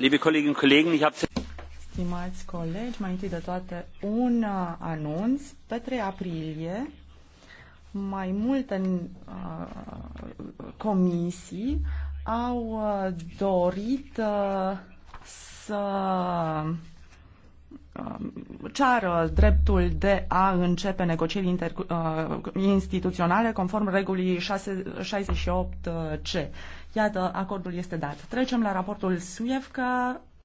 liebe Stimați colegi, mai întâi de toate un uh, anunț. Pe 3 aprilie, mai multe uh, comisii au uh, dorit să ceară dreptul de a începe negocieri inter, uh, instituționale conform regulii 68C. Uh, Iată, acordul este dat. Trecem la raportul Suievca,